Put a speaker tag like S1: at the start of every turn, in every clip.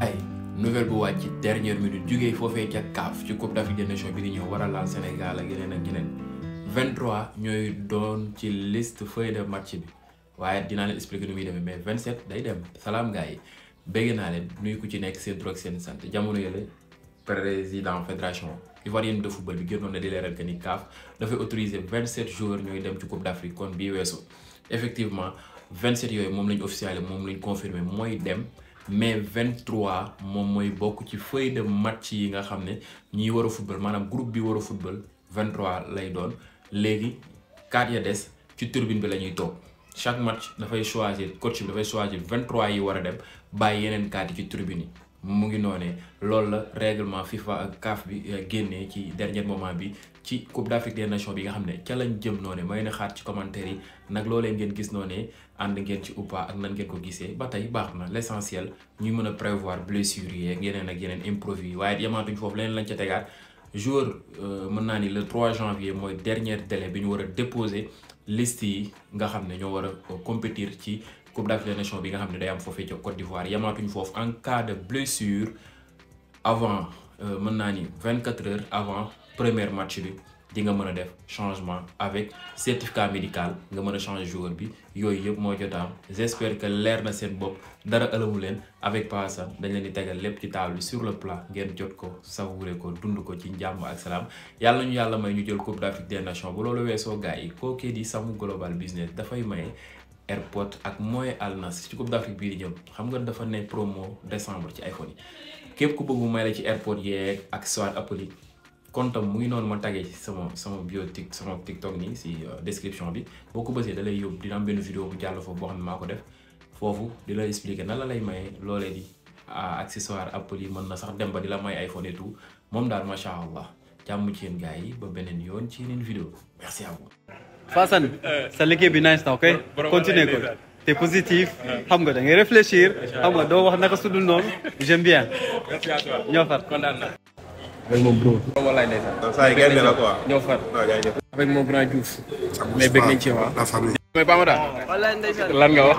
S1: ay nouvelle bu wàcc dernière du jugee foofee ca CAF ci coupe d'Afrique des nations bi di ñëw war a laal Sénégal ak yeneen ak yeneen 23 ñooy doon ci liste feuille de match bi waaye dinaa leen expliquer nu muy demee mais 27 day dem salaam gars yi bégg naa leen nuyu ku ci nekk seen tur seen sant jamono yële président fédération ivoirienne de football bi génnoon na di leeral que ni CAF dafay autoriser 27 joueurs ñooy dem ci coupe d'Afrique kon bii weesu effectivement 27 yooyu moom lañ officialisé moom lañ confirmé mooy dem. mais mai 23 moom mooy bokk ci feuille dem match yi nga xam ne ñiy war a football maanaam groupe bi war a football 23 lay doon léegi 4 ya des ci turbine bi la ñuy toog chaque match dafay choisir coach bi dafay choisir 23 yi war a dem bàyyi yeneen 4 yi ci turbine mu ngi noone loolu la règlement FIFA ak CAF bi euh, génnee ci dernier moment bi ci Coupe d'Afrique des Nations bi nga xam ne ca lañ jëm noonee may ne xaar ci commentaire yi nag loolee ngeen gis noonee ànd ngeen ci uppa ak nan ngeen ko gisee ba tey baax na l'essentiel ñuy mën a prévoir blessures yi ak yeneen ak yeneen imprévu yi waaye yamaatuñ foofu leneen lañ ca tegaat jour euh, mën naa ni le trois janvier mooy dernier délai bi ñu war a déposer liste yi nga xam ne ñoo war a euh, compétir ci. coupe d'Afrique des nations bi nga xam ne day am foofee ca Côte d'Ivoire yamaatuñu de blessure euh, mën naa ni vingt quatre heures avant premier match bi di nga mën a def changement avec certificat médical nga mën a changer joueur bi yooyu yëpp moo jot a am j'espère que leer na seen bopp dara ëlëmu leen avec Paasa dañ leen di tegal lépp ci table sur le plat ngeen jot ko savouré ko dund ko ci njàmm ak salaam yàlla ñu yàlla jël coupe d'Afrique des nations bu loolu weesoo gars yi kookee di Samu Global Business dafay maye. AirPods ak moyen Al Nass ci Coupe d'Afrique bii di jëm xam nga dafa ne promo décembre ci iPhone yi képp ku bëgg may la ci AirPods ak sa Apple yi compte am mu ngi noonu ma tagee ci sama sama bio tik sama TikTok nii si euh, description bi boo ko bësee dalay lay yóbbu dina am benn vidéo bu jàll foofu boo xam ne maa ko def foofu di la expliquer nan la lay maye loolee di accessoire Apple yi mën na sax dem ba di la may iPhone et tout moom daal macha allah jàmm ci yéen gars yi yoon ci yeneen vidéo merci Fassane sa liggéey bi nice na ok continue ko te positif xam nga da ngay réfléchir xam nga doo wax naka su dul noonu bien ñoo far na avec mon bro. walaay ndeysaan. saa yi gerte la quoi. ñoo far. avec mon grand Diouf. mais bëgg nañ ci waa. mais Bamada.
S2: lan nga wax.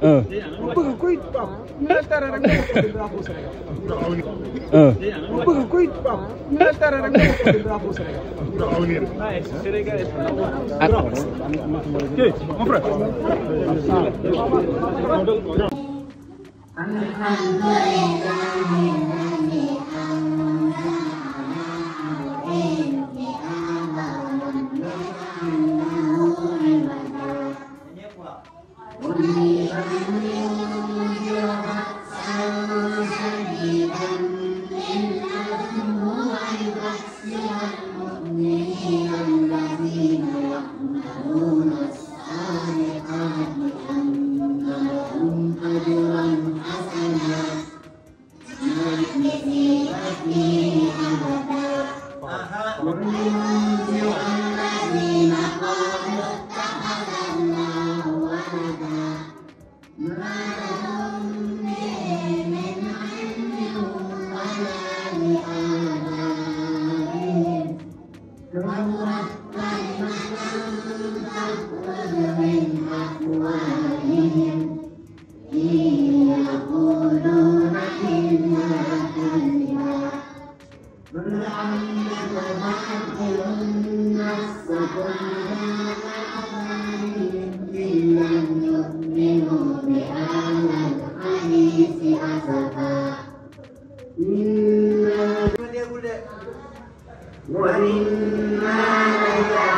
S2: un. bëgg kuy am. dara rek nga ko bëgg kuy am. dara rek nga ko drapeau Sénégal. Alhamdulillah. لعلك تعقلن نفسك إذا تقوم إن لم تؤمنوا بهذا الحديث أسفا إنا ولما لك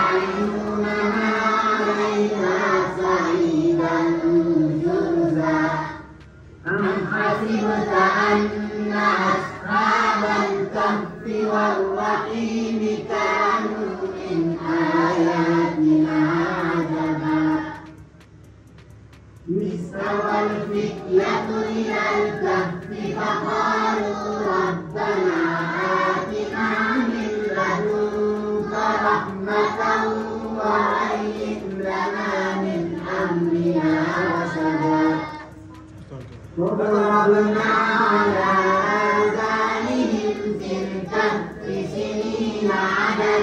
S2: والرحيم كانوا من آياتنا عجبا مستوى الفتية إلى الكهف فقالوا ربنا آتنا من لدنك رحمة وهيئ لنا من أمرنا رشدا وضربنا على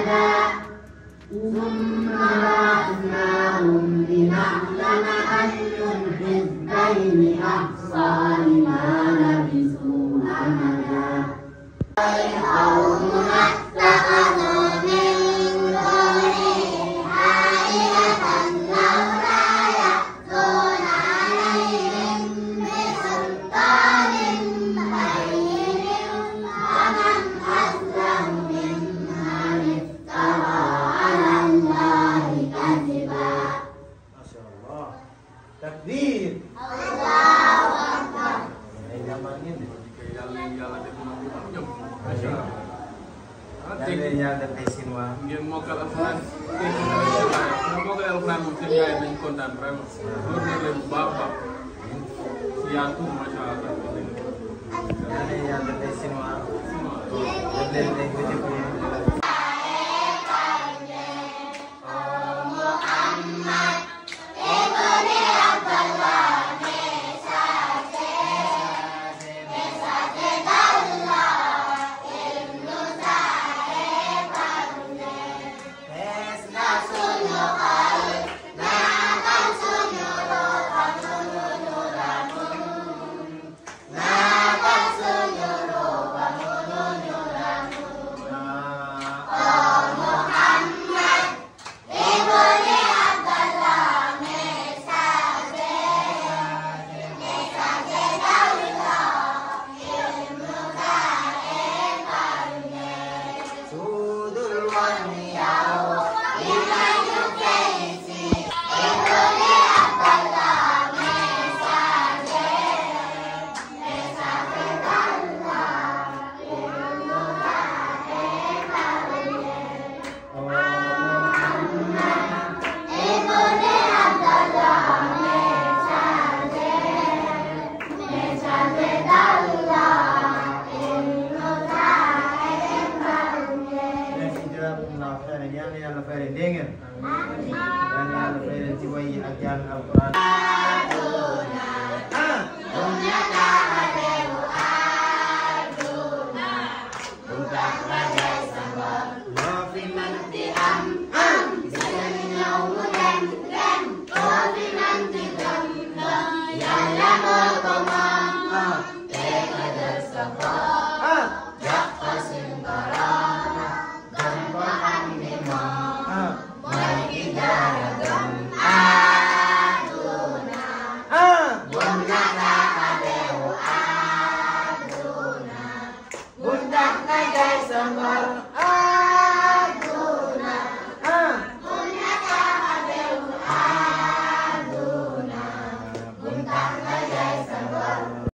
S2: عددا ثم بعثناهم لنعلم أي الحزبين أحسن
S1: mokkal alxuraan tey moom la ñu def mokkal alxuraan moom seen yaay nañu kontaan vraiment loolu nag leen bu baax a baax yaatu macha allah.
S2: Богома, те не десь